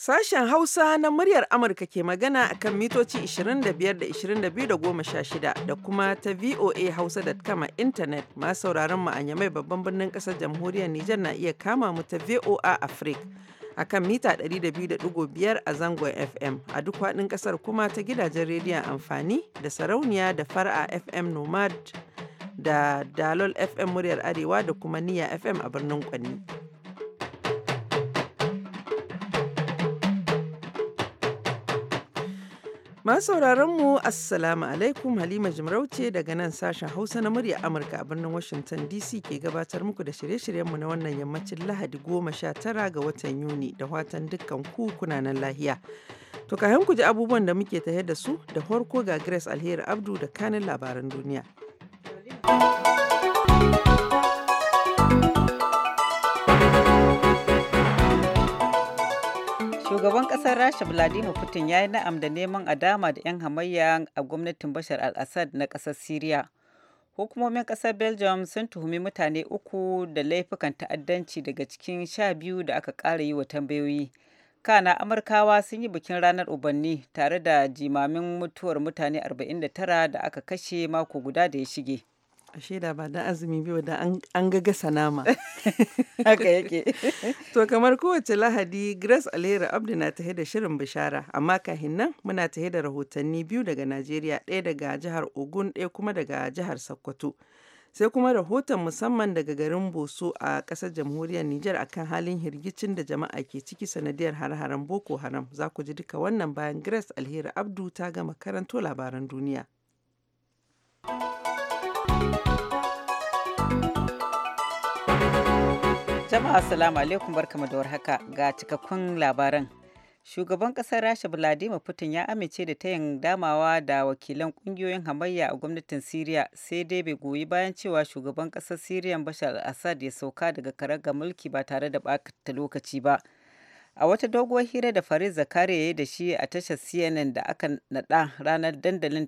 Sashen Hausa na muryar Amurka ke magana a kan mitoci 25 da 22 da 16 da kuma ta VOA Hausa.com a intanet masu sauraron mu a babban birnin ƙasar jamhuriyar Nijar na iya kama mu ta VOA Africa a kan mita 200.5 a zangon FM a duk faɗin ƙasar kuma ta gidajen rediyon amfani da sarauniya da fara FM Nomad da Dalol FM muryar Arewa da kuma Niya FM a birnin Kwanni. sauraron mu Assalamu alaikum Halima Jimarauce daga nan sashen Hausa na murya Amurka a birnin Washington DC ke gabatar muku da shirye-shiryenmu na wannan yammacin Lahadi goma sha tara ga watan Yuni da watan dukkan ku kuna nan lahiya. To kayan ku ji abubuwan da muke tahe da su da farko ga Grace Alheri Abdu da kanin labaran duniya. shugaban ƙasar rasha vladimir putin ya yi na'am da neman adama da 'yan hamayya a gwamnatin bashar al-assad na ƙasar syria hukumomin ƙasar belgium sun tuhumi mutane uku da laifukan ta'addanci daga cikin sha biyu da aka ƙara yi wa tambayoyi kana amurkawa sun yi bikin ranar ubanni tare da jimamin mutuwar mutane 49 da aka kashe mako guda da ya shige Ashe da ba da azumi biyu da an gaga nama. Haka yake. To kamar kowace lahadi Grace Alheri Abdu na tahe da shirin bishara amma kahin nan muna tahe da rahotanni biyu daga Najeriya ɗaya daga jihar Ogun ɗaya kuma daga jihar Sokoto. Sai kuma rahoton musamman daga garin Boso a ƙasar jamhuriyar Nijar akan halin hirgicin da jama'a ke ciki sanadiyar har-haren Boko Haram. Za ku ji duka wannan bayan Grace Alheri Abdu ta gama karanto labaran duniya. Jama'a assalamu alaikum bar da warhaka ga cikakkun labaran. Shugaban kasar Rasha Vladimir Putin ya amince da tayin damawa da wakilan kungiyoyin hamayya a gwamnatin syria sai dai bai goyi bayan cewa shugaban kasar syria Bashar al-Assad ya sauka daga ga mulki ba tare da bakata lokaci ba. A wata doguwar hira da Faris Zakari ya yi da shi a tashar CNN da aka naɗa ranar dandalin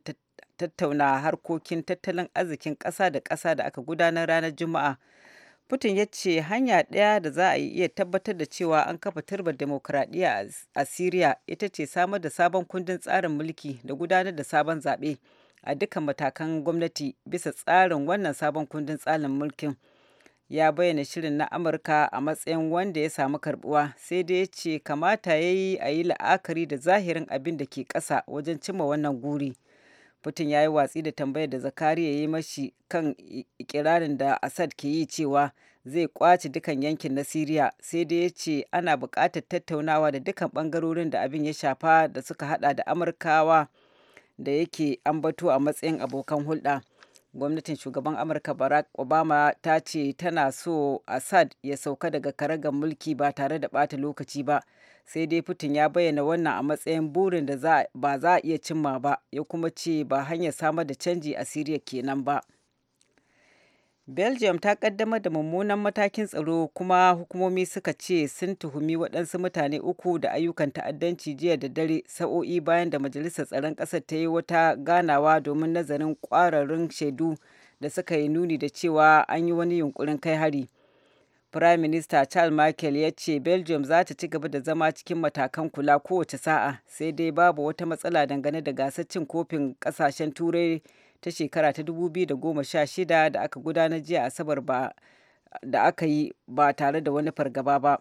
tattauna harkokin tattalin arzikin kasa da kasa da aka gudanar ranar Juma'a. Putin ya ce hanya ɗaya da za a iya tabbatar da cewa an kafa turbar demokuraɗiyya a Siriya ita ce samar da sabon kundin tsarin mulki da gudanar da sabon zaɓe a dukkan matakan gwamnati bisa tsarin wannan sabon kundin tsarin mulkin. Ya bayyana shirin na Amurka a matsayin wanda ya samu karbuwa sai dai ya ce kamata ya yi a yi la'akari da zahirin abin da ke ƙasa wajen cimma wannan guri. Putin ya yi watsi da tambayar da Zakariya ya yi mashi kan ikirarin da Assad ke yi cewa zai kwace dukan yankin na Siriya sai dai ya ce ana buƙatar tattaunawa da dukan bangarorin da abin ya shafa da suka hada da Amurkawa da yake ambato a matsayin abokan hulɗa. Gwamnatin shugaban Amurka Barack Obama ta ce tana so Assad ya sauka daga karagar mulki ba tare da ɓata lokaci ba. sai dai putin ya bayyana wannan a matsayin burin da ba za a iya cimma ba ya kuma ce ba hanyar samar da canji a siriya kenan ba belgium ta kaddamar da mummunan matakin tsaro kuma hukumomi suka ce sun tuhumi waɗansu mutane uku da ayyukan ta'addanci jiya da dare sa'o'i bayan da majalisar tsaron ƙasar ta yi wata ganawa domin nazarin ƙwararrun shaidu da suka yi nuni da cewa an yi wani yunƙurin kai hari Prime Minister Charles Michael ya ce Belgium za ta ci gaba da zama cikin matakan kula kowace sa'a sai dai babu wata matsala dangane da gasar cin kofin kasashen turai ta shekara ta 2016 da aka gudana jiya asabar ba da aka yi ba tare da wani fargaba ba.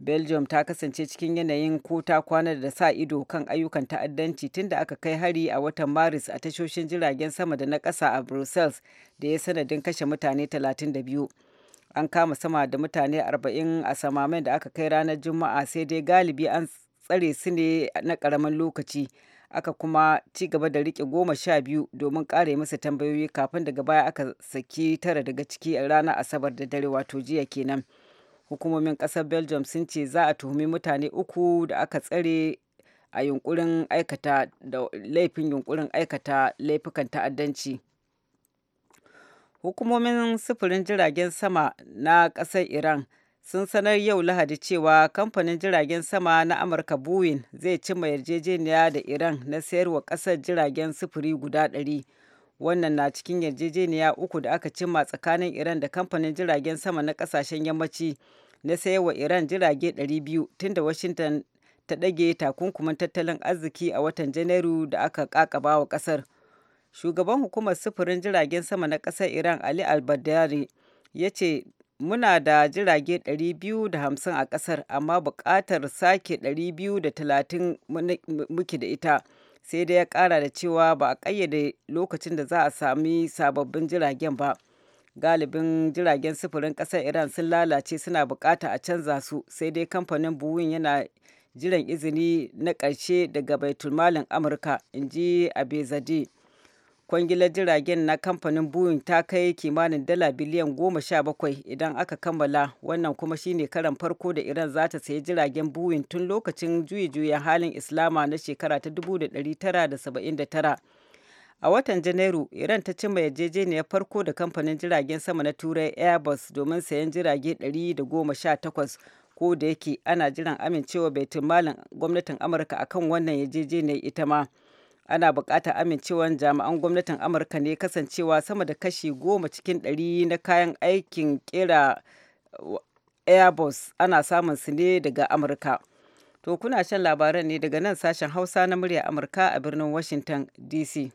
Belgium ta kasance cikin yanayin ko ta kwana da sa ido kan ayyukan ta'addanci tun da aka kai hari a watan Maris a tashoshin jiragen sama da na ƙasa a Brussels da ya sanadin kashe mutane 32. an kama sama da mutane arba'in a samamen da aka kai ranar juma'a sai dai galibi an tsare su ne na karamin lokaci aka kuma ci gaba da rike goma sha biyu domin kare masa tambayoyi kafin daga baya aka saki tara daga ciki a ranar asabar da dare wato jiya kenan hukumomin kasar belgium sun ce za a tuhumi mutane uku da aka tsare a yunkurin aikata da laifin yunkurin aikata laifukan ta'addanci hukumomin sufurin jiragen sama na ƙasar iran sun sanar yau lahadi cewa kamfanin jiragen sama na amurka boeing zai cimma yarjejeniya da iran na sayarwa ƙasar jiragen sufuri guda ɗari wannan na cikin yarjejeniya uku da aka cimma tsakanin iran da kamfanin jiragen sama na ƙasashen yammaci na sayarwa iran jirage 200 tun da washington ta ɗage takunkumin tattalin arziki a watan janairu da aka ƙaƙaba wa ƙasar shugaban hukumar sufurin jiragen sama na ƙasar iran ali albadari ya ce muna da jirage 250 a ƙasar amma bukatar sake 230 muke da ita sai dai ya ƙara da cewa ba a ƙayyade lokacin da za a sami sababbin jiragen ba galibin jiragen sufurin ƙasar iran sun lalace suna bukata a canza su sai dai kamfanin buwin yana jiran izini na ƙarshe daga baitulmalin amurka in ji abezade kwangilar jiragen na kamfanin boeing ta kai kimanin dala biliyan goma sha bakwai idan aka kammala wannan kuma shine karan farko da iran za ta sayi jiragen boeing tun lokacin juye-juyen halin islama na shekara ta 1979 a watan janairu iran ta cimma yarjejeniyar farko da kamfanin jiragen sama na turai airbus domin sayan jirage 118 ko da yake ana jiran amincewa baitul gwamnatin amurka akan wannan yarjejeniyar ita ma. ana bukatar amincewar jami'an gwamnatin amurka ne kasancewa sama da kashi goma cikin ɗari na kayan aikin kera airbus ana samun su ne daga amurka to kuna shan labaran ne daga nan sashen hausa na murya amurka a birnin washington dc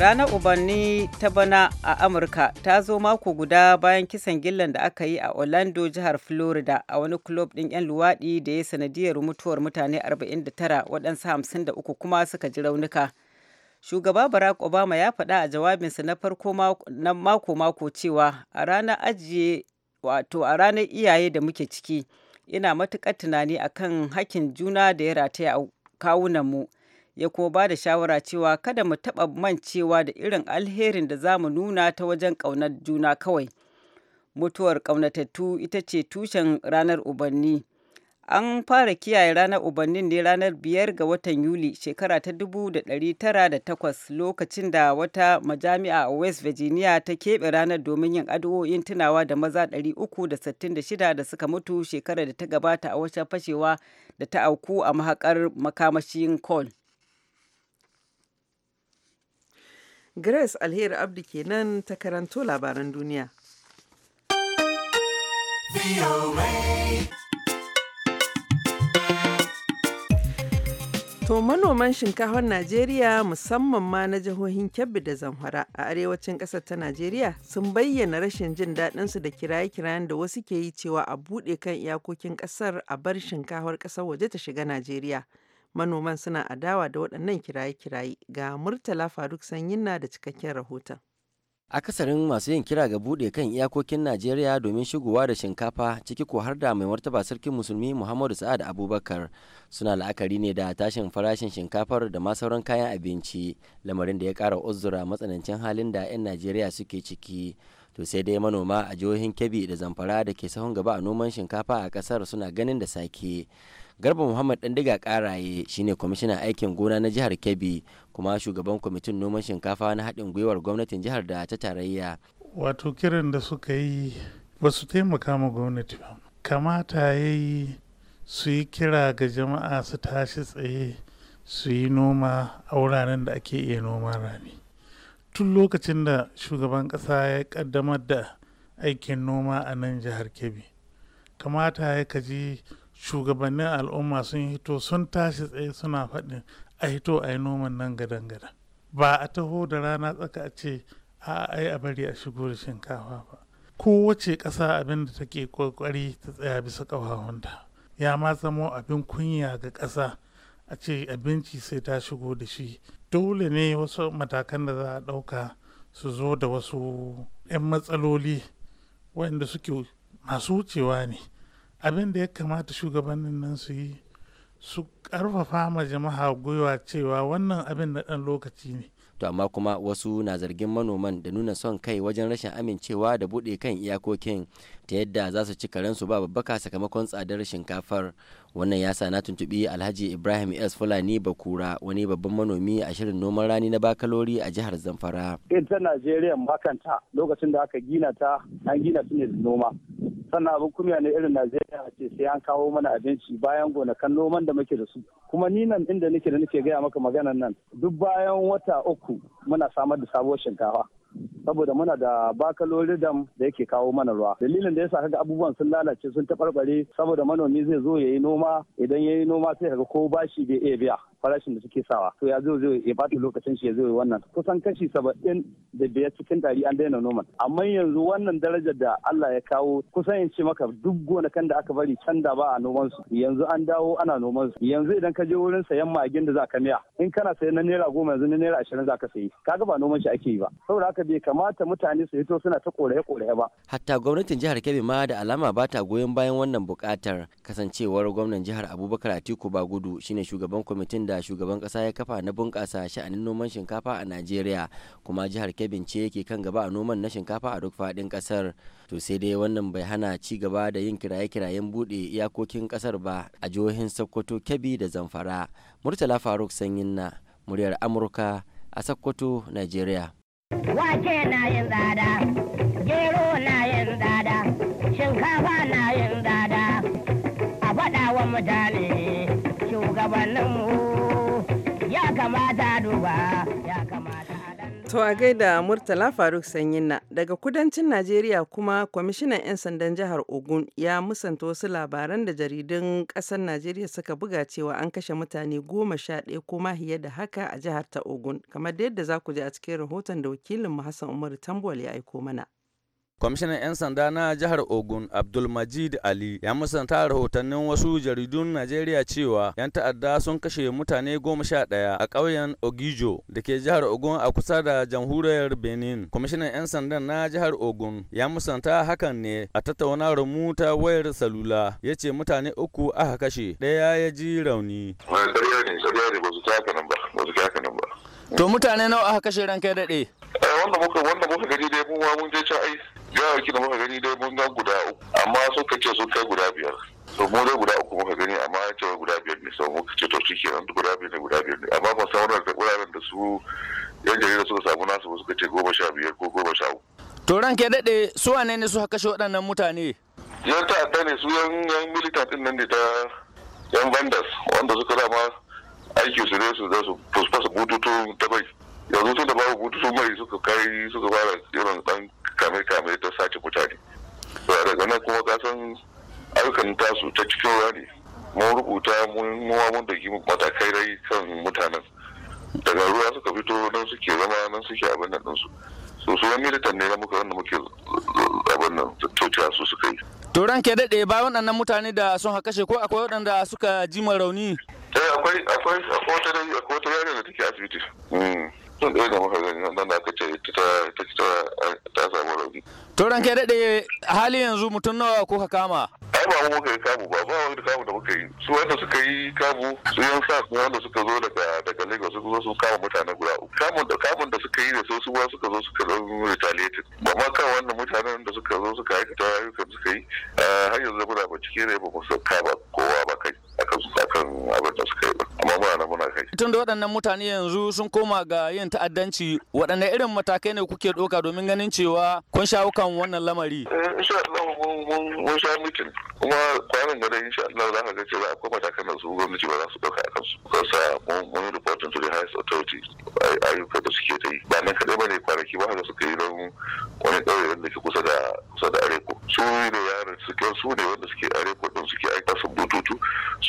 Ranar Ubanni ta bana a Amurka ta zo mako guda bayan kisan gillan da aka yi a Orlando jihar Florida a wani club din 'yan luwaɗi da ya sanadiyar mutuwar mutane 49 waɗansu 53 kuma suka ji raunuka. Shugaba Barack Obama ya faɗa a jawabinsa na farko mako-mako cewa a ranar ajiye wato a ranar iyaye da muke ciki ina matuƙar tunani akan hakkin juna da ya rataya a kawunanmu. mu. ya kuma ba da shawara cewa kada mu taɓa mancewa da irin alherin da za mu nuna ta wajen ƙaunar juna kawai mutuwar ƙaunatattu ita ce tushen ranar ubanni an fara kiyaye ranar ubannin ne ranar biyar ga watan yuli shekara ta da tara takwas lokacin da wata majami'a a west virginia ta keɓe ranar domin yin addu'o'in tunawa da maza 366 da suka mutu shekarar da ta gabata a wata fashewa da ta auku a mahakar makamashin cole Grace Alheri Abdi kenan ta karanto labaran duniya. To manoman shinkafar Najeriya musamman ma na jihohin Kebbi da Zamfara a arewacin ƙasar ta Najeriya sun bayyana rashin jin daɗinsu da kiraye-kirayen da wasu ke yi cewa a buɗe kan iyakokin ƙasar a bar shinkafar ƙasar waje ta shiga Najeriya. Manoman suna adawa da waɗannan kiraye-kiraye ga Murtala Faruk na da cikakken rahoton. akasarin masu yin kira ga bude kan iyakokin najeriya domin shigowa da shinkafa ciki ko har da mai martaba sarkin musulmi muhammadu sa'ad abubakar suna la'akari ne da tashin farashin shinkafar da ma sauran kayan abinci lamarin da ya kara uzura matsanancin halin da 'yan najeriya suke ciki to sai dai manoma a jihohin kebbi da zamfara da ke sahun gaba a noman shinkafa a kasar suna ganin da sake garba muhammad diga karaye shine kwamishinan aikin gona na jihar kebbi kuma shugaban kwamitin noman shinkafa na haɗin gwiwar gwamnatin jihar da ta tarayya wato kiran da suka yi ba su taimaka ma gwamnati ba kamata ya yi su yi kira ga jama'a su tashi tsaye su yi noma a wuraren da ake iya noma rani tun lokacin da shugaban ƙasa ya ƙaddamar da aikin noma a nan jihar kebbi kamata ya kaji shugabannin al'umma sun hito sun tashi tsaye suna faɗin a hito a yi noman nan gadan gada ba a taho da rana tsaka a ce a ai a bari a shigo da shinkafa ba kowace ƙasa abin da take ƙoƙari ta tsaya bisa ƙafafunta ya ma zamo abin kunya ga ƙasa a ce abinci sai ta shigo da shi dole ne wasu matakan da za a ɗauka su zo da wasu 'yan matsaloli waɗanda suke masu wucewa ne abin da ya kamata shugabannin nan su yi su ƙarfafa ma jama'a gwiwa cewa wannan abin na ɗan lokaci ne to amma kuma wasu na zargin manoman da nuna son kai wajen rashin amincewa da buɗe kan iyakokin ta yadda za su ci karensu ba babbaka sakamakon tsadar shinkafar wannan ya sa na tuntubi alhaji ibrahim s fulani bakura wani babban manomi a shirin noman rani na bakalori a jihar zamfara ta najeriya makanta lokacin da aka gina ta an gina su ne da noma sannan abin kumiya ne irin najeriya ce sai an kawo mana abinci bayan gonakan noman da muke da su kuma ni nan inda nake da nake gaya maka maganan nan duk bayan wata uku muna samar da sabuwar shinkafa saboda muna da bakaloridam da yake kawo mana ruwa dalilin da ya yasa kaga abubuwan sun lalace sun taɓarɓare saboda manomi zai zo ya yi noma idan ya yi noma sai kaga ko bashi bai iya biya farashin da suke sawa to ya zo zai ya bata lokacin shi ya zo wannan kusan kashi saba'in da biyar cikin dari an daina noman amma yanzu wannan darajar da Allah ya kawo kusan in ce maka duk kan da aka bari can da ba a noman su yanzu an dawo ana noman su yanzu idan ka je wurin sayan magin da za ka miya in kana sayan na naira goma yanzu na naira ashirin za ka sayi kaga ba noman shi ake yi ba saboda haka bai kamata mutane su hito suna ta koraye koraye ba hatta gwamnatin jihar Kebbi ma da alama ba ta goyon bayan wannan bukatar kasancewar gwamnan jihar Abubakar Atiku Bagudu shine shugaban kwamitin da shugaban kasa ya kafa na bunƙasa sha'anin noman shinkafa a najeriya kuma jihar kebin ce yake kan gaba a noman na shinkafa a duk faɗin ƙasar to sai dai wannan bai hana ci gaba da yin kiraye-kirayen buɗe iyakokin ƙasar ba a jihohin sokoto kebbi da zamfara murtala faruk sanyin na muryar amurka a sokoto najeriya wake na yin tsada gero na yin tsada shinkafa na yin tsada a faɗa wa mutane kamata duba To a gaida Murtala Faruk Sanyinna daga kudancin Najeriya kuma kwamishinan 'yan sandan jihar Ogun ya musanta wasu labaran da jaridun ƙasar Najeriya suka buga cewa an kashe mutane goma sha ɗaya ko mahiya da haka a jihar ta Ogun kamar da yadda za ku ji a cikin rahoton da wakilin Hassan Umaru Tambol ya aiko mana. kwamishinan 'yan sanda na jihar ogun abdulmajid ali ya musanta rahotannin wasu jaridun najeriya cewa 'yan ta'adda sun kashe mutane goma sha ɗaya a ƙauyen ogijo da ke jihar ogun a kusa da jamhuriyar benin kwamishinan 'yan sandan na jihar ogun ya musanta hakan ne a tattaunawar mu ta wayar salula ya ce mutane uku aka kashe ɗaya ya ji rauni to mutane nawa aka kashe ranka daɗe eh, wanda muka gaji da gani dai mu mun je can ai gawaki kina muka gani dai mun ga guda uku amma suka ce sun kai guda biyar to mu dai guda uku muka gani amma ya ce guda biyar ne sau muka ce to shi ke nan guda biyar ne guda biyar ne amma ba sauran da wuraren da su yan jarida suka samu nasu ba suka ce goma sha biyar ko goma sha uku. to ran ke daɗe su wane ne haka shi waɗannan mutane. yan ta'adda ne su yan yan militant ɗin nan ne ta yan vandas wanda suka dama aiki su ne su za su fuskasa bututun bai. yanzu sun da babu hutu su mai suka kai suka fara irin dan kame-kame ta sace mutane daga nan kuma ka san ayyukan tasu ta cikin rani mun rubuta mun muwa mun da matakai rai kan mutanen daga ruwa suka fito nan suke zama nan suke abin nan ɗinsu so su wani militan ne na muka wanda muke abin nan tattauta su suka yi to ran ke daɗe ba waɗannan mutane da sun hakashe ko akwai waɗanda suka ji rauni eh, akwai akwai akwai wata akwai wata yarinya da take asibiti hmm. sun ɗaya da muka gani nan da aka ce ta ta samu rauni. to ranke daɗe hali yanzu mutum nawa ko ka kama. ai ba mu muka yi kamu ba ba wani kamu da muka yi su wanda suka yi kamu su yan sa su wanda suka zo daga daga lagos suka zo su kama mutane guda uku kamun da kamun da suka yi da su su suka zo suka zo retaliated ba ma kan wannan mutanen da suka zo suka aikata ayyukan suka yi eh, har yanzu muna bincike cikin rai ba mu sauka ba kowa ba kai. akan abin da suka yi ba amma muna nan muna tun da waɗannan mutane yanzu sun koma ga yin ta'addanci waɗanne irin matakai ne kuke ɗauka domin ganin cewa kun shawo kan wannan lamari eh, insha Allah mun sha mutum kuma kwanan gada insha Allah za ka ga cewa akwai matakan da su gwamnati ba za su ɗauka a kansu kasa mun reporting to the highest authority ayyuka da suke ta yi ba nan kaɗai ba ne kwanaki ba haka suka yi don wani ƙauye da ke kusa da kusa da areko su ne yaran su ne wanda suke areko din suke aika su bututu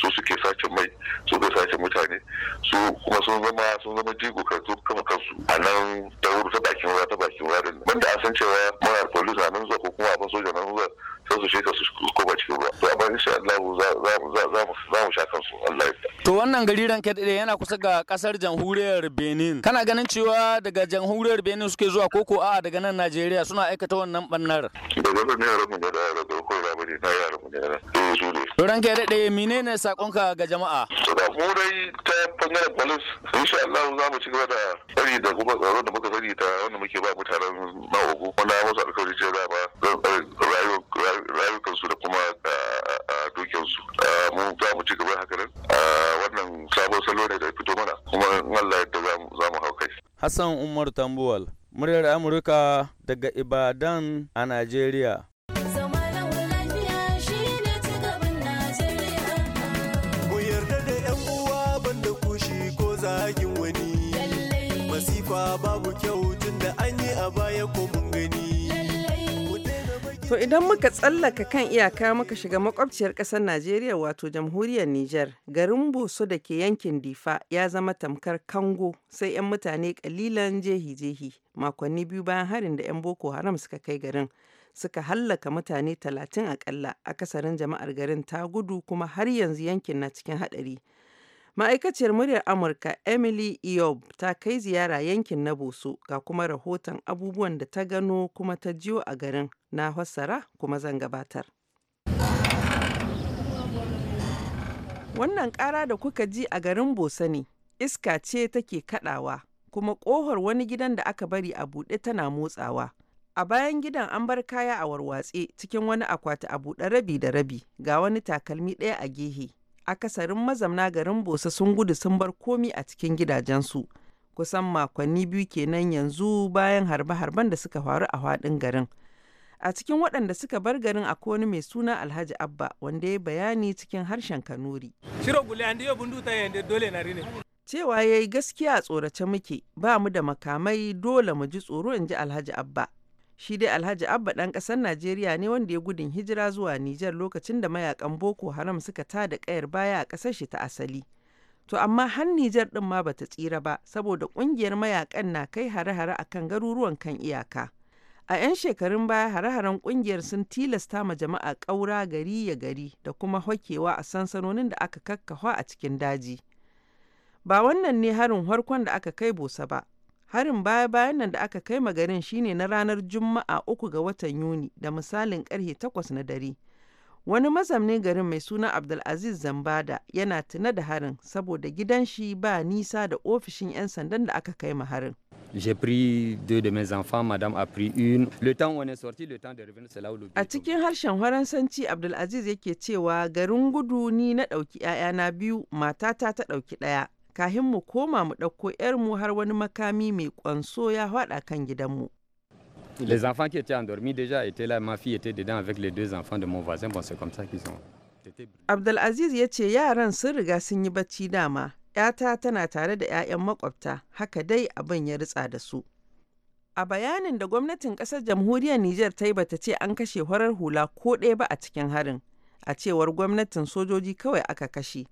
su suke sace mai su suke sace mutane su kuma sun zama sun zama jigo kan su kama kansu a nan ta wuri ta bakin ruwa ta bakin ruwa din banda a san cewa mara polis a nan zuwa ko kuma abin soja nan zuwa sai su sheka su koma cikin ruwa to amma insha Allah za za za za mu sha kansu Allah ya to wannan gari ranke da yana kusa ga kasar jamhuriyar Benin kana ganin cewa daga jamhuriyar Benin suke zuwa koko A'a daga nan Najeriya suna aikata wannan bannar daga nan ne rabin da ne na yara mu eh, ne ne ya dade menene sakonka ga jama'a to da mu dai ta bangaren police insha Allah za mu ci gaba da tsari da kuma tsaro da muka sani ta wanda muke ba mutanen na ogu ya musu cewa ba rayukansu da kuma dukiyarsu mu za mu ci gaba haka nan wannan sabon salo ne da fito mana kuma Allah yadda za mu hau kai Hassan Umar Tambuwal muryar Amurka daga Ibadan a Najeriya zagin wani masifa babu kyau tun da an yi a baya ko mun gani To idan muka tsallaka kan iyaka muka shiga makwabciyar ƙasar Najeriya wato jamhuriyar niger garin Boso da ke yankin Difa ya zama tamkar kango sai 'yan mutane kalilan jehi-jehi makonni biyu bayan harin da 'yan Boko Haram suka kai garin. Suka hallaka mutane talatin akalla akasarin jama'ar garin ta gudu kuma har yanzu yankin na cikin haɗari. Ma'aikaciyar muryar Amurka Emily Eob ta kai ziyara yankin na Boso ga kuma rahoton abubuwan da ta gano kuma ta jiyo a garin na hosara kuma zan gabatar. Wannan ƙara da kuka ji a garin Bosa ne, iska ce take kadawa kuma ƙohar wani gidan da aka bari a buɗe tana motsawa. A bayan gidan an bar kaya a warwatse cikin wani akwati a buɗe rabi da rabi ga wani takalmi ɗaya a gehe akasarin mazamna garin Bosa sun gudu sun bar komi a cikin gidajensu. Kusan makonni biyu kenan yanzu bayan harbe-harben da suka faru a faɗin garin. A cikin waɗanda suka bar garin a wani mai suna Alhaji Abba wanda ya bayani cikin harshen Kanuri. Cewa ya yi gaskiya tsorace muke ba mu da makamai dole mu ji tsoro in ji Alhaji Abba Shi dai Alhaji Abba dan ƙasar Najeriya ne wanda ya gudun hijira zuwa Nijar lokacin da mayakan Boko Haram suka ta da ƙayar baya a ƙasar shi ta asali. To amma har Nijar ɗin ma bata tsira ba saboda ƙungiyar mayakan na kai hare-hare akan garuruwan kan iyaka. A 'yan shekarun baya hare-haren ƙungiyar sun tilasta ma jama'a ƙaura gari ya gari da kuma hokewa a sansanonin da aka kakkawa a cikin daji. Ba wannan ne harin harkon da aka kai Bosa ba, Harin baya-bayan nan da aka kai ma garin shine na ranar Juma'a uku ga watan Yuni da misalin karhe takwas na dare. Wani mazaunin garin mai suna Abdulaziz Zambada yana tuna da harin saboda gidan shi ba nisa da ofishin 'yan sandan da aka kai ma harin. J'ai pris deux de mes enfants, madame a pris une. Le temps on est sorti, le temps de revenir, c'est là où A cikin harshen Faransanci Abdulaziz yake cewa garin gudu ni na ɗauki 'ya'yana biyu, matata ta ɗauki ɗaya. kahin mu koma mu ɗauko 'yarmu har wani makami mai ƙwanso ya haɗa kan gidanmu. Les enfants qui étaient endormis déjà étaient là, ma fille était dedans avec les deux enfants de mon voisin, bon c'est comme ça qu'ils sont. Abdulaziz ya ce yaran sun riga sun yi bacci dama, ‘yata tana tare da ‘ya'yan makwabta, haka dai abin ya ritsa da su. A bayanin da gwamnatin ƙasar jamhuriyar Nijar ta yi bata ce an kashe horar hula ko ɗaya ba a cikin harin, a cewar gwamnatin sojoji kawai aka kashe.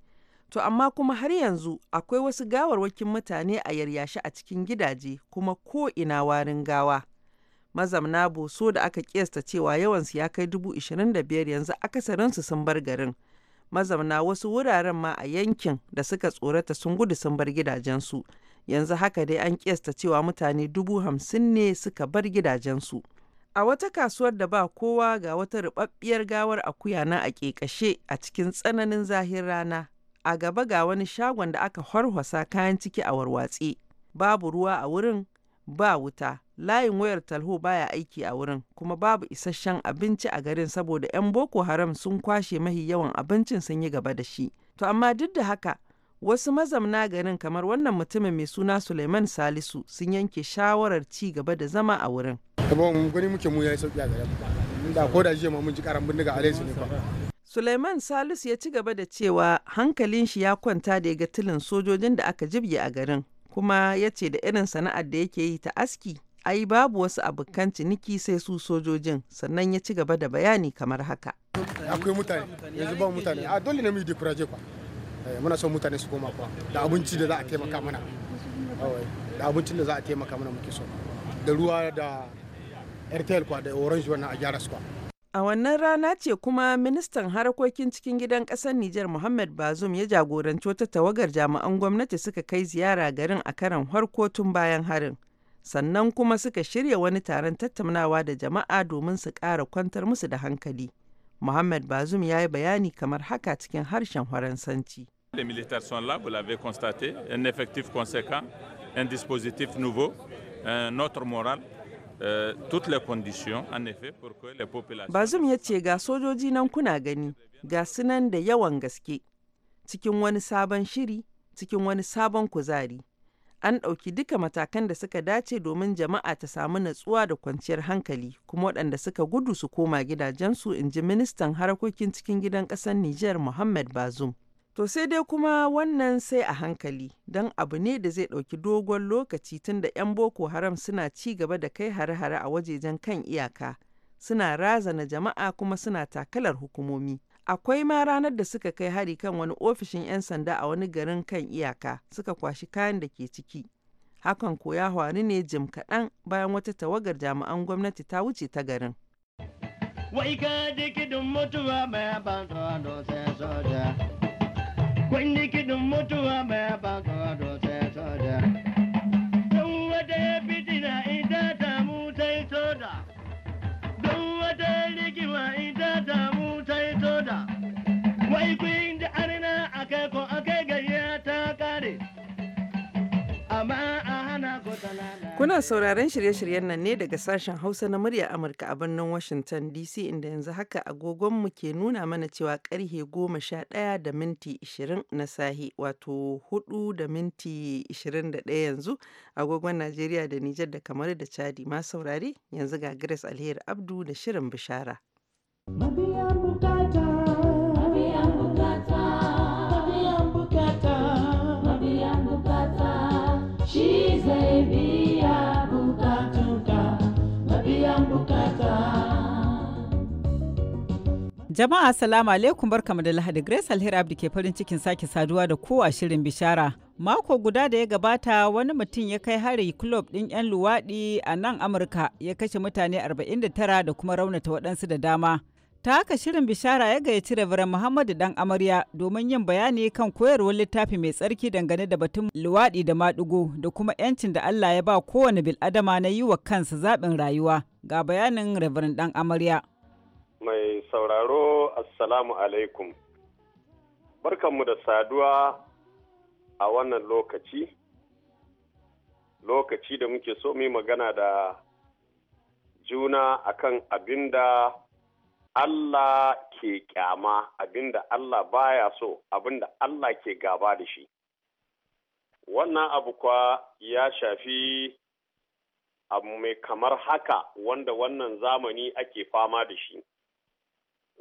To amma kuma har yanzu akwai wasu gawarwakin mutane a yaryashi a cikin gidaje kuma ko ina warin gawa. Mazamna Boso da aka kiyasta cewa yawan su ya kai dubu biyar yanzu akasarinsu sun bar garin. Mazamna wasu wuraren ma a yankin da suka tsorata sun gudu sun bar gidajensu. Yanzu haka dai an kiyasta cewa mutane dubu hamsin ne suka bar gidajensu. A wata kasuwar da ba kowa ga wata ruɓaɓɓiyar gawar akuya na a ƙeƙashe a cikin tsananin zahin rana a gaba ga wani shagon da aka harhwasa kayan ciki a warwatse babu ruwa a wurin ba wuta layin wayar talho baya aiki a wurin kuma babu isasshen abinci a garin saboda 'yan boko haram sun kwashe mahi yawan abincin sun yi gaba da shi to amma duk da haka wasu mazamna garin kamar wannan mutumin mai suna suleiman salisu sun yanke shawarar ci gaba da zama a wurin gani muke mu ya sauki a garin ko da jiya mun ji karan bindiga ne Suleiman Salisu ya ci gaba da cewa hankalin shi ya kwanta da ga tilin sojojin da aka jibge a garin, kuma ya ce da irin sana'ar da yake yi ta aski, ai babu wasu abokan ciniki sai su sojojin, sannan ya ci gaba da bayani kamar haka. Akwai mutane, yanzu ba mutane, a dole na mu yi kwa. Eh, muna son mutane su koma kwa, da abinci da za a taimaka mana. Da abincin da za a taimaka mana muke so. Da ruwa da Airtel kwa da Orange wannan a gyara su kwa. A wannan rana ce kuma ministan harkokin cikin gidan ƙasar Nijar Muhammad Bazoum ya jagoranci wata tawagar jami'an gwamnati suka kai ziyara garin a karon harko tun bayan harin. Sannan kuma suka shirya wani taron tattaunawa da jama'a domin su ƙara kwantar musu da hankali. Muhammad Bazoum ya yi bayani kamar haka cikin harshen Faransanci. Les militaires sont là, vous l'avez constaté, un effectif conséquent, un dispositif nouveau, un euh, autre moral. Euh, Bazum ya ce ga sojoji nan kuna gani, ga sunan da yawan gaske, cikin wani sabon shiri, cikin wani sabon kuzari. An ɗauki duka matakan da suka dace domin jama'a ta samu natsuwa da kwanciyar hankali, kuma waɗanda suka gudu su koma gidajensu, in ji ministan harkokin cikin gidan ƙasar Nijar Muhammad Bazum. To sai dai kuma wannan sai a hankali, don abu ne da zai ɗauki dogon lokaci tun da 'yan Boko Haram suna ci gaba da kai hare-hare a wajejen kan iyaka, suna razana jama'a kuma suna takalar hukumomi. Akwai ma ranar da suka kai hari kan wani ofishin 'yan sanda a wani garin kan iyaka, suka kwashi kayan da ke ciki. Hakan ko ya faru ne jim kaɗan bayan wata tawagar jami'an gwamnati ta wuce ta garin. Wai ka mutuwa mai ban tsoro sai soja. kun ji kiɗin mutuwa mai baka da sai soja Kuna sauraron shirye-shiryen nan ne daga sashen Hausa na murya Amurka a birnin Washington DC inda yanzu haka agogonmu ke nuna mana cewa karhe goma sha ɗaya da minti ishirin na sahi wato hudu da minti ishirin da ɗaya yanzu agogon Najeriya da Nijar da kamar da Chadi ma saurari yanzu ga Grace Alheri Abdu da Shirin Bishara. Jama'a salamu alaikum barkamu da Lahadi Grace Alheri Abdi ke farin cikin sake saduwa da kowa shirin bishara. Mako guda da ya gabata wani mutum ya kai hari club ɗin 'yan luwaɗi a nan Amurka ya kashe mutane 49 da kuma raunata waɗansu da dama. Ta haka shirin bishara ya gayyaci Reverend Muhammadu Dan Amarya domin yin bayani kan koyarwar littafi mai tsarki dangane da batun luwaɗi da maɗigo da kuma 'yancin da Allah ya ba kowane bil'adama na yi wa kansa zaɓin rayuwa. Ga bayanin Reverend Dan Amarya. mai sauraro assalamu alaikum barkanmu da saduwa a wannan lokaci lokaci da muke so mu magana da juna akan abinda Allah ke kyama abinda Allah baya so abinda Allah ke gaba da shi wannan abu kwa ya shafi abu mai kamar haka wanda wannan zamani ake fama da shi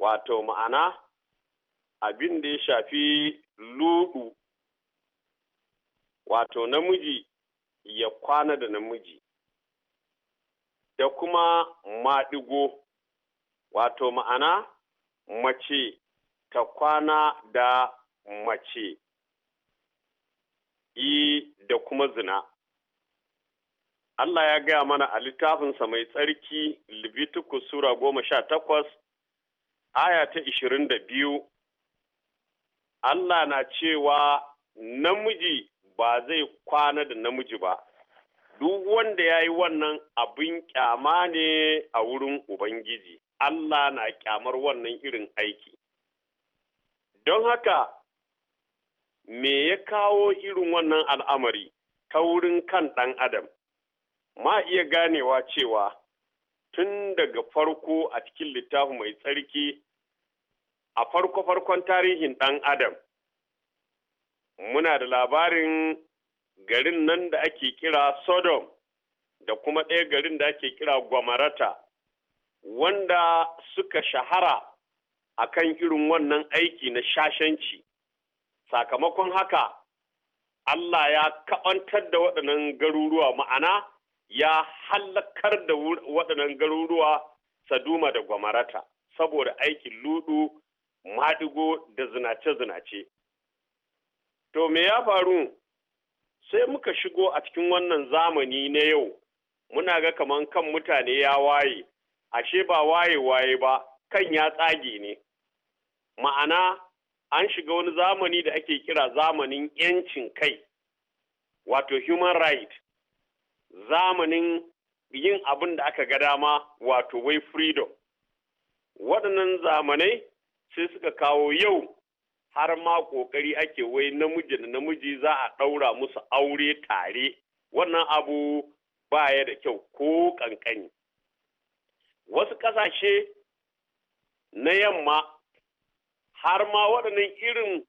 wato ma'ana abin da ya shafi ludu wato namiji ya kwana da namiji da kuma maɗigo wato ma'ana mace ta kwana da mace yi da kuma zina Allah ya gaya mana a littafinsa mai tsarki Leviticus Sura goma sha takwas aya ta ishirin da biyu Allah na cewa namiji ba zai kwana da namiji ba duk wanda ya yi wannan abin kyama ne a wurin Ubangiji Allah na kyamar wannan irin aiki don haka me ya kawo irin wannan al'amari ta wurin kan ɗan adam ma iya ganewa cewa tun daga farko a cikin littafi mai tsarki a farko-farkon tarihin ɗan adam muna da labarin garin nan da ake kira sodom da kuma ɗaya garin da ake kira gwamarata wanda suka shahara a kan irin wannan aiki na shashanci sakamakon haka allah ya kaɓantar da waɗannan garuruwa ma'ana ya hallakar da waɗannan garuruwa saduma da gwamarata saboda aikin ludu madigo da zinace-zinace to me ya faru sai muka shigo a cikin wannan zamani na yau muna ga kaman kan mutane ya waye ashe ba waye-waye ba kan ya tsage ne ma'ana an shiga wani zamani da ake kira zamanin 'yancin kai wato human right zamanin yin abin da aka ga dama wato wai freedom waɗannan zamanai sai suka kawo yau har ma ƙoƙari ake wai namiji da namiji za a ɗaura musu aure tare wannan abu baya da kyau ko ƙanƙani wasu ƙasashe na yamma har ma waɗannan irin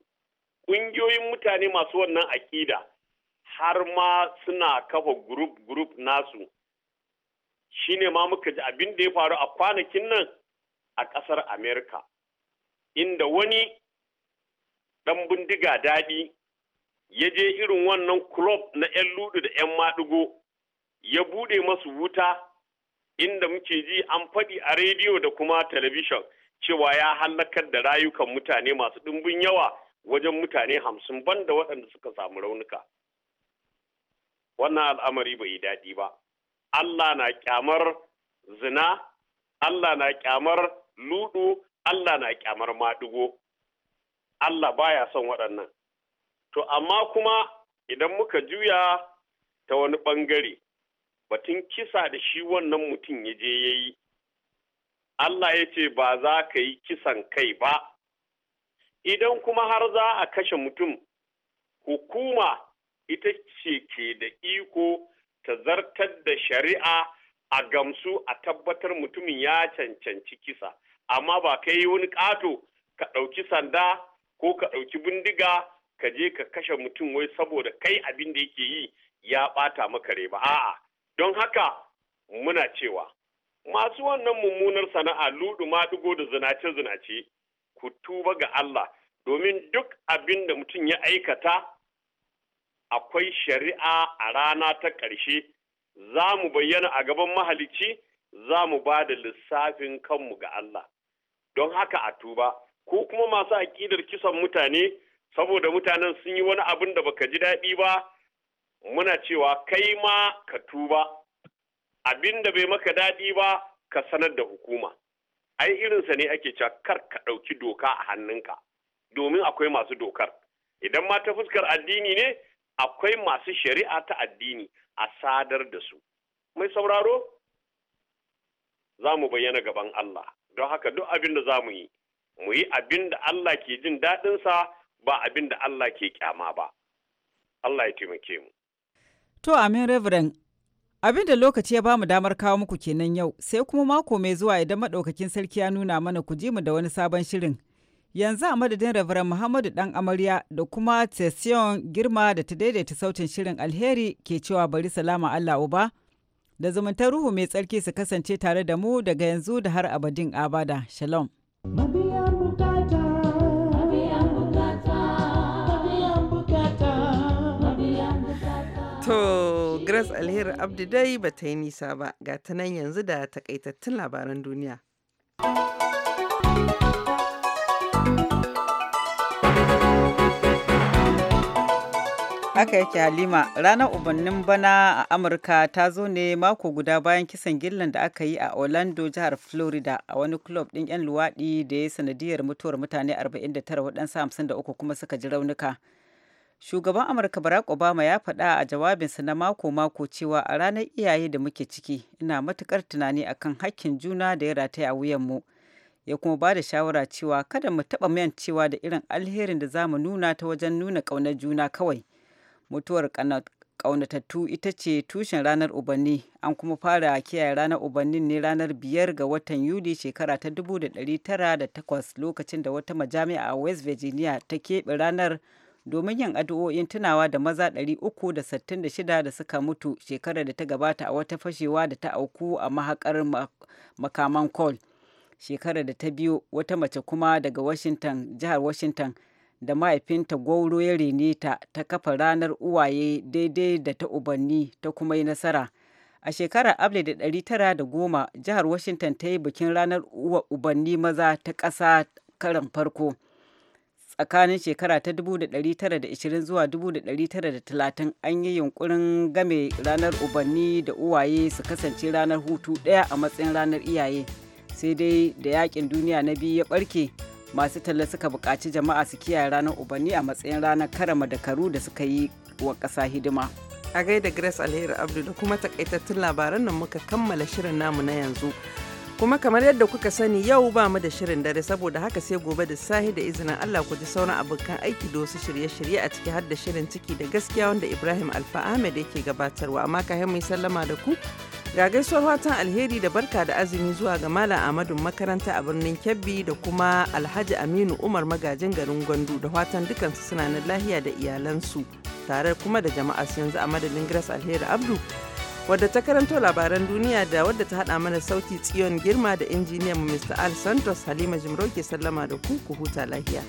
ƙungiyoyin mutane masu wannan aƙida har ma suna kafa group group nasu shine ma muka ji abin da ya faru a kwanakin nan a ƙasar amerika inda wani ɗan bindiga daɗi ya je irin wannan club na 'yan ludu da 'yan maɗigo ya buɗe masu wuta inda muke ji an faɗi a rediyo da kuma television cewa ya hallakar da rayukan mutane masu ɗimbin yawa wajen mutane hamsin banda waɗanda suka samu raunuka. wannan al'amari bai yi daɗi ba Allah na ƙyamar zina Allah na ƙyamar ludu Allah na ƙyamar maɗigo Allah baya son waɗannan to amma kuma idan muka juya ta wani ɓangare batun kisa da shi wannan mutum ya je ya yi Allah ya ce ba za ka yi kisan kai ba idan kuma har za a kashe mutum hukuma ita ce ke da iko ta zartar da shari'a a gamsu a tabbatar mutumin ya cancanci kisa amma ba ka yi wani ƙato ka ɗauki sanda ko ka ɗauki bindiga ka je ka kashe mutum wai saboda kai abin da yake yi ya ɓata maka rai ba a'a don haka muna cewa masu wannan mummunar sana'a ludu maɗigo da zinace-zinace ku tuba ga Allah domin duk abin da mutum ya aikata akwai shari'a a rana ta ƙarshe za mu bayyana a gaban mahalicci za mu ba da lissafin kanmu ga Allah don haka a tuba ko kuma masu aƙidar kisan mutane saboda mutanen sun yi wani abin da baka ji daɗi ba muna cewa kai ma ka tuba abin da bai maka daɗi ba ka sanar da hukuma ai irinsa ne ake cewa kar ka ɗauki doka a hannunka domin akwai masu dokar idan ma ta fuskar addini ne akwai masu shari'a ta addini a sadar da su mai sauraro za mu bayyana gaban Allah don haka duk abin da za mu yi mu yi abin da Allah ke jin daɗinsa ba abin da Allah ke kyama ba Allah ya taimake mu to amin reverend abin da lokaci ya ba mu damar kawo muku kenan yau sai kuma mako mai zuwa idan maɗaukakin sarki ya nuna mana ku ji mu da wani sabon shirin yanzu a madadin rabaran muhammadu dan amarya da kuma tesiyon girma da ta daidaita sautin shirin alheri ke cewa bari salama allah uba da zumunta ruhu mai tsarki su kasance tare da mu daga yanzu da har abadin abada shalom To, Grace Alheri Abdi dai ba ta yi nisa ba, ga ta nan yanzu da takaitattun labaran duniya. Haka yake Halima, ranar ubannin bana a Amurka ta zo ne mako guda bayan kisan gillan da aka yi a Orlando, jihar Florida, a wani club din 'yan luwaɗi da ya sanadiyar mutuwar mutane 49 waɗansu 53 kuma suka ji raunuka. Shugaban Amurka Barack Obama ya faɗa a jawabinsa na mako-mako cewa a ranar iyaye da muke ciki, ina matuƙar tunani akan hakkin juna da ya rataya a wuyanmu. mu. ya kuma ba da shawara cewa kada mu taɓa mayancewa da irin alherin da za mu nuna ta wajen nuna ƙaunar juna kawai mutuwar ƙaunatattu ita ce tushen ranar ubanni an kuma fara kiyaye ranar ubannin ne ranar biyar ga watan yuli shekara ta dubu da tara 1908 lokacin da wata majami'a a west virginia ta keɓe ranar domin yin addu'o'in tunawa da maza uku da da shida suka mutu shekarar da ta gabata a wata fashewa da ta auku a mahakar makaman call shekarar da ta biyo wata mace kuma daga washington jihar washington da mahaifinta Gwauro ya rene ta ta kafa ranar uwaye daidai da ta ubanni ta kuma yi nasara. A shekarar Able da ɗari tara da goma jihar Washington ta yi bikin ranar uwa ubanni maza ta ƙasa karan farko. Tsakanin shekara ta 1920 zuwa 1930 an yi yunkurin game ranar ubanni da uwaye su kasance ranar hutu ɗaya a matsayin ranar iyaye. Sai dai da yakin duniya na biyu ya ɓarke masu talla suka bukaci jama'a su kiyaye ranar ubanni a matsayin ranar karama dakaru da suka yi wa ƙasa hidima a gaida grace alheri abdu da kuma takaitattun labaran nan muka kammala shirin namu na yanzu kuma kamar yadda kuka sani yau ba mu da shirin dare saboda haka sai gobe da sahi da izinin Allah ku ji sauran abokan aiki da wasu shirye-shirye a ciki har da shirin ciki da gaskiya wanda Ibrahim Alfa Ahmed yake gabatarwa amma ka mu sallama da ku ga gaisuwar watan alheri da barka da azumi zuwa ga Malam Ahmadu makaranta a birnin Kebbi da kuma Alhaji Aminu Umar magajin garin Gwandu da watan dukansu suna nan lahiya da iyalansu tare kuma da jama'a yanzu a madadin Grace Alheri abdul wadda ta karanto labaran duniya da wadda ta hada mana sauti tsiyon girma da injiniyan Mr. Al Santos Halima Jimro ke sallama da ku ku huta lahiya.